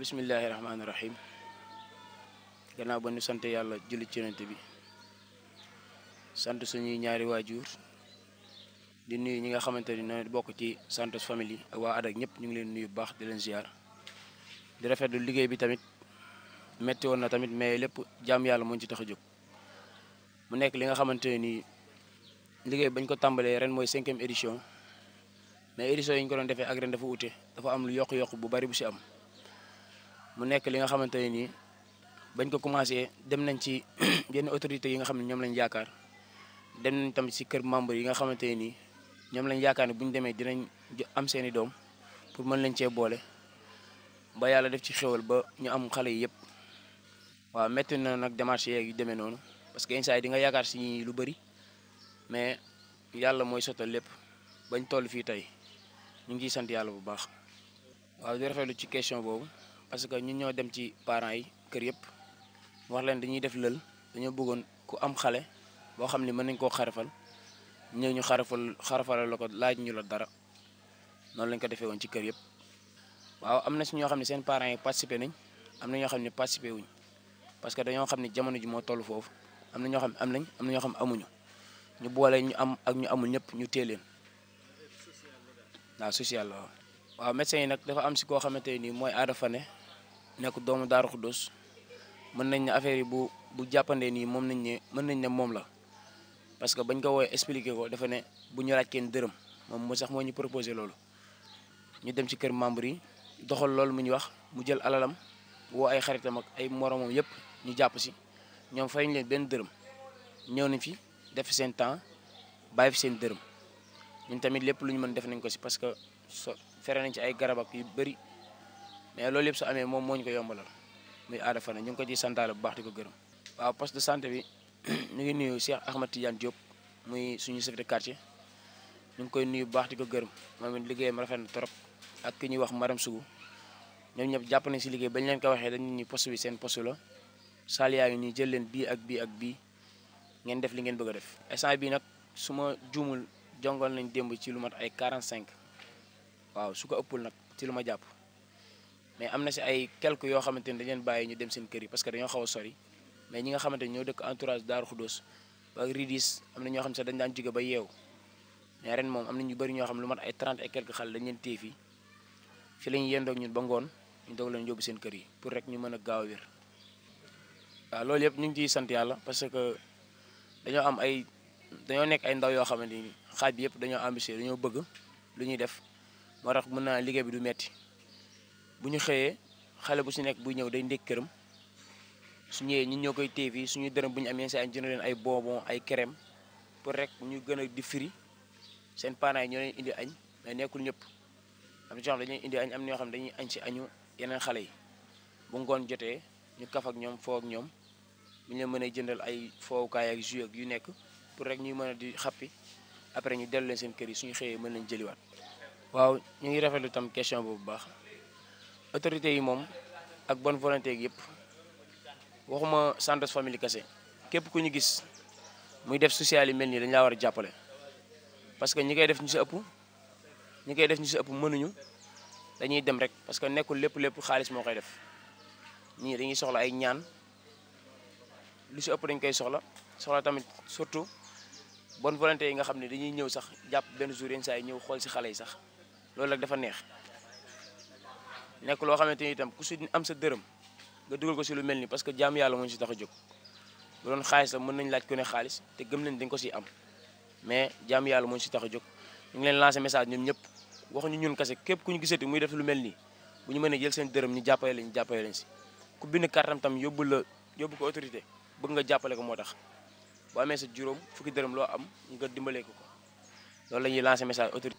bismillahi rahmaani rahim gannaaw ba ñu sant yàlla julli ci yonent bi sant suñuy ñaari waajur di nuyu ñi nga xamante ni noonu bokk ci sant famille ak waa adak ñëpp ñu ngi leen nuyu bu baax di leen ziar di rafetlu liggéey bi tamit metti woon na tamit mais lépp jaam yàlla moo ci tax a jóg mu nekk li nga xamante nii liggéey bañ ko tàmbalee ren mooy cinquième édition mais édition yi ñu ko doon defee ak ren dafa ute dafa am lu yokk-yokk bu bari bu si am mu nekk li nga xamante ne nii bañ ko commencé dem nañ ci yenn autorités yi nga xam ne ñoom lañ yaakaar dem nañ tamit si kër membre yi nga xamante ne nii ñoom lañ yaakaar ne bu ñu demee dinañ am seen i doom pour mën lañ cee boole ba yàlla def ci xéwal ba ñu am xale yi yëpp waaw métti na nag démarche yeeg yu demee noonu parce que instant di nga yaakaar si lu bëri mais yàlla mooy sottal lépp bañ toll fii tey ñu ngi ciy sant yàlla bu baax waaw di rafetlu ci question boobu parce que ñun ñoo dem ci parent yi kër yëpp wax leen dañuy def lël dañoo bëggoon ku am xale boo xam ne mën nañ koo xarafal ñëw ñu xarafal xarafal la ko laaj ñu la dara noonu lañ ko defee woon ci kër yëpp waaw am na si ñoo xam ne seen parents yi participé nañ am na xam ne participé wuñ parce que dañoo xam ne jamono ji moo toll foofu am na ñoo xam ne am nañ am na ñoo xam ne amuñu ñu boole ñu am ak ñu amul ñëpp ñu téeleen waaw social la waaw médecins yi nag dafa am si koo xamante nii mooy Ada Fane nekk doomu Daaru Xuddos mën nañ ne affaire yi bu bu jàppandee nii moom nañ ne mën nañ ne moom la parce que bañ ko woowee expliqué ko dafa ne bu ñu kenn dërëm moom moo sax moo ñu proposé loolu ñu dem ci kër membre yi doxal loolu mu ñu wax mu jël alalam woo ay xaritam ak ay moromam yëpp ñu jàpp si ñoom fayuñ leen benn dërëm ñëw nañ fi def seen temps bàyyi fi seen dërëm ñun tamit lépp lu ñu mën def nañ ko si parce fere nañ ci ay garab ak yu bëri mais loolu yëpp su amee moom moo ñu ko yombalal muy aada fana ñu ngi ko ciy santaale bu baax di ko gërëm. waaw poste de santé bi ñu ngi nuyu Cheikh Ahmad Tidiane Diop muy suñu chef de quartier ñu ngi koy nuyu bu baax di ko gërëm moom it liggéeyam rafet na trop ak ki ñuy wax Maram Sougou ñoom ñëpp jàpp nañ si liggéey bañ leen ko waxee dañu ñu poste bi seen poste la saal yaa ngi nii jël leen bii ak bii ak bii ngeen def li ngeen bëgg a def instant bii nag su juumul jongal nañ démb ci lu mat ay 45. waaw su ko ëppul nag ci lu ma jàpp mais am na si ay quelques yoo xamante ni dañ bàyyi ñu dem seen kër yi parce que dañoo xaw a sori mais ñi nga xamante ni ñoo dëkk entourage Daaru Xudóos ba Ridis am na ñoo xam ne sax dañ daan jóge ba yeewu mais ren moom am na ñu bëri ñoo xam lu mat ay trente et quelques xale dañ leen téye fii fi la ñu yendoog ñun ba ngoon doog leen yóbbu seen kër yi pour rek ñu mën a gaaw a waaw loolu yëpp ñu ngi ciy sant yàlla parce que dañoo am ay dañoo nekk ay ndaw yoo xamante ni xaaj bi yëpp dañoo ambitieux dañoo bëgg lu ñuy def moo tax mën naa liggéey bi du metti bu ñu xëyee xale bu si nekk buy ñëw day ndékk këram su ñëwee ñun ñoo koy téye suñu dërëm bu ñu amee saa jënd leen ay bonbon ay crème pour rek ñu gën a di firi seen parents yi ñoo leen indi añ mais nekkul ñëpp am na dañuy indi añ am na ñoo xam dañuy añ si añu yeneen xale yi bu ngoon jotee ñu kaf ak ñoom foo ñoom bu ñu la mënee jëndal ay foowukaay ak jus yu nekk pour rek ñuy mën a di xappi après ñu dellu leen seen kër yi suñu xëyee mën nañ jëliwaat. waaw ñu ngi rafetlu tam question boobu baax autorités yi moom ak bon volonté yëpp waxuma Santos Family kese képp ku ñu gis muy def social yi mel nii dañu war a jàppale. parce que ñi koy def ñu si ëpp ñi koy def ñu si ëpp mënuñu dañuy dem rek parce que nekkul lépp lépp xaalis moo koy def ñii dañuy soxla ay ñaan lu si ëpp dañ koy soxla soxla tamit surtout bonne volonté yi nga xam ne dañuy ñëw sax jàpp benn jour yenn sax yi ñëw xool si xale yi sax. loolu nag dafa neex nekk loo xamante ni itam ku si am sa dërëm nga dugal ko si lu mel nii parce que jaam yàlla moo ñu si tax a jóg bu doon xaalis la mën nañ laaj ko ne xaalis te gëm leen dañ ko si am mais jaam yàlla moo ñu tax a jóg ñu lancé message ñoom ñëpp waxuñu ñun kese képp ku ñu gisati muy def lu mel nii bu ñu mën mënee jël seen dërëm ñu jàppale leen ñu jàppale leen si ku bind kartam tam yóbbu la yóbbu ko autorité bëgg nga jàppale ko moo tax boo amee sa juróom fukki dërëm loo am nga dimbalee ko loolu la ñuy lancé message autorité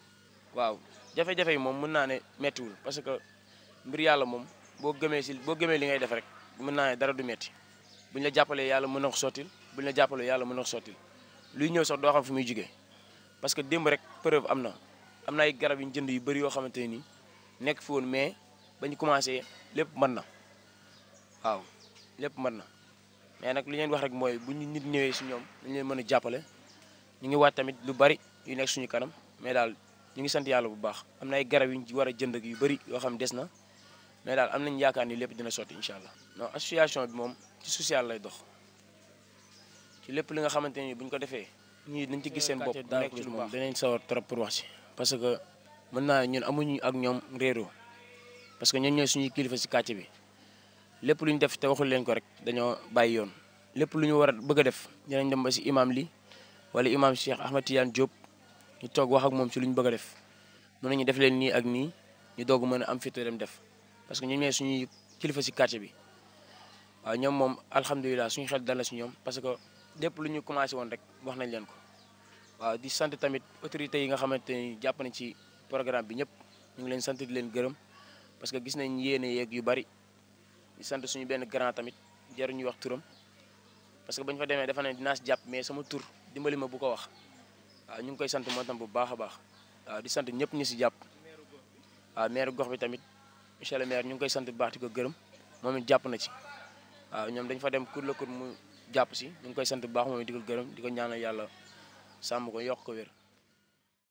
waaw jafe-jafe yi moom mën naa ne méttiwul parce que mbir yàlla moom boo gëmee si boo gëmee li ngay def rek mën naa ne dara du métti buñ la jàppalee yàlla mën na ko sottil buñ la jàppalee yàlla mën na ko sottil luy ñëw sax doo xam fu muy jugee parce que démb rek preuve am na am na ay garab yu ñu jënd yu bëri yoo xamante ne nii nekk fi woon mais bañ commencé lépp mën na waaw lépp mën na mais nag li leen wax rek mooy bu ñu nit ñëwee si ñoom dañ leen mën a jàppale ñu ngi waat tamit lu bari yu nekk suñu kanam ñu ngi sant yàlla bu baax am na ay garab yu ñu war a jënd ak yu bëri yoo xam des na mais daal am nañu yaakaar ni lépp dina sotti incha allah. non association bi moom ci social lay dox ci lépp li nga xamante ne bu ñu ko defee. ñii dañ ci gis seen bopp nekk ci lu baax dinañ sawar trop si. parce que mën naa ñun amuñu ak ñoom réeroo parce que ñun suñuy kilifa si quartier bi lépp lu ñu def te waxul leen ko rek dañoo bàyyi yoon. lépp lu ñu war a bëgg a def dinañ dem ba si imaam li wala imam Cheikh Ahmed Tidiane Diop. ñu toog wax ak moom ci lu ñu bëgg a def mën nañu def leen nii ak nii ñu doog mën a am fitu dem def parce que ñoom ñooy suñuy kilifa si quartier bi waaw ñoom moom alhamdulilah suñu xel dal na ci ñoom parce que lépp lu ñu commencé woon rek wax nañ leen ko waaw di sant tamit autorités yi nga xamante ni jàpp na ci programme bi ñëpp ñu ngi leen sant di leen gërëm parce que gis nañ yéene yeeg yu bari di sant suñu benn grand tamit jaru ñuy wax turam parce que bañ fa demee dafa ne dinaa jàpp mais sama tur dimbali ma bu ko wax waaw ah, ñu ngi koy sant moo tam bu baax a baax waaw ah, di sant ñëpp ñu si jàpp waaw ah, maire gox bi tamit monsieur le ñu ngi koy sant bu baax di ko gërëm moom jàpp na ci waaw ñoom dañ fa dem kur la kur mu jàpp si ñu ngi koy sant baax moom di ko gërëm di ko ñaan yàlla sàmm ko yokk ko wér